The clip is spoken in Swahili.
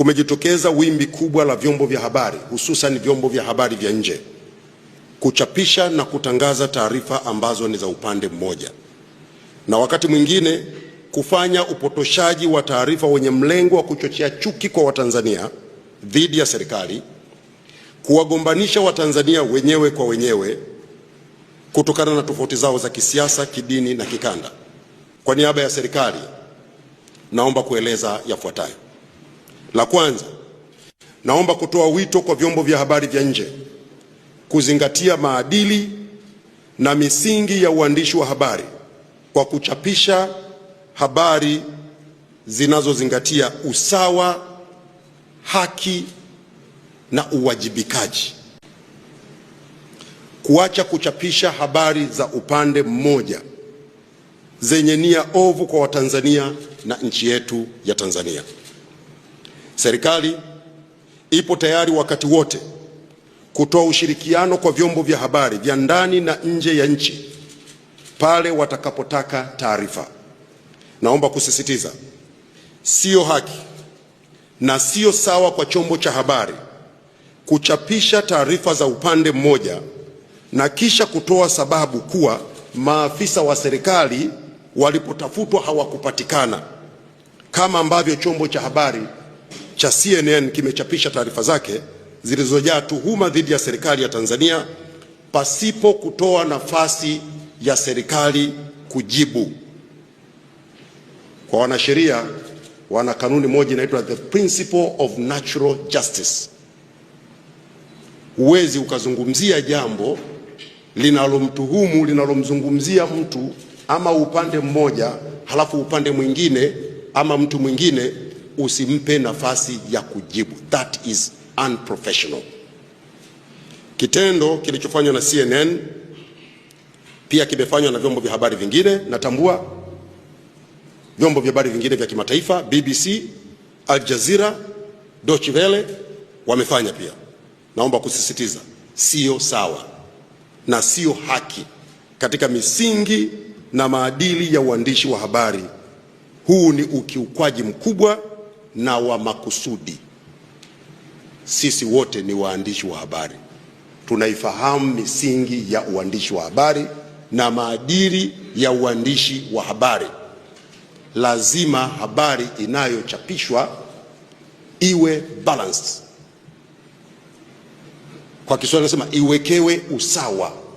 kumejitokeza wimbi kubwa la vyombo vya habari hususan vyombo vya habari vya nje kuchapisha na kutangaza taarifa ambazo ni za upande mmoja na wakati mwingine kufanya upotoshaji wa taarifa wenye mlengo wa kuchochea chuki kwa Watanzania dhidi ya serikali, kuwagombanisha Watanzania wenyewe kwa wenyewe kutokana na tofauti zao za kisiasa, kidini na kikanda. Kwa niaba ya serikali naomba kueleza yafuatayo. La kwanza, naomba kutoa wito kwa vyombo vya habari vya nje kuzingatia maadili na misingi ya uandishi wa habari kwa kuchapisha habari zinazozingatia usawa, haki na uwajibikaji, kuacha kuchapisha habari za upande mmoja zenye nia ovu kwa Watanzania na nchi yetu ya Tanzania. Serikali ipo tayari wakati wote kutoa ushirikiano kwa vyombo vya habari vya ndani na nje ya nchi pale watakapotaka taarifa. Naomba kusisitiza, sio haki na sio sawa kwa chombo cha habari kuchapisha taarifa za upande mmoja na kisha kutoa sababu kuwa maafisa wa serikali walipotafutwa hawakupatikana kama ambavyo chombo cha habari cha CNN kimechapisha taarifa zake zilizojaa tuhuma dhidi ya serikali ya Tanzania pasipo kutoa nafasi ya serikali kujibu. Kwa wanasheria wana kanuni moja inaitwa the principle of natural justice. Huwezi ukazungumzia jambo linalomtuhumu linalomzungumzia mtu ama upande mmoja halafu upande mwingine ama mtu mwingine usimpe nafasi ya kujibu. That is unprofessional. Kitendo kilichofanywa na CNN pia kimefanywa na vyombo vya habari vingine. Natambua vyombo vya habari vingine vya kimataifa, BBC, Al Jazeera, Deutsche Welle wamefanya pia. Naomba kusisitiza, sio sawa na sio haki katika misingi na maadili ya uandishi wa habari. Huu ni ukiukwaji mkubwa na wa makusudi. Sisi wote ni waandishi wa habari, tunaifahamu misingi ya uandishi wa habari na maadili ya uandishi wa habari. Lazima habari inayochapishwa iwe balanced, kwa Kiswahili nasema iwekewe usawa.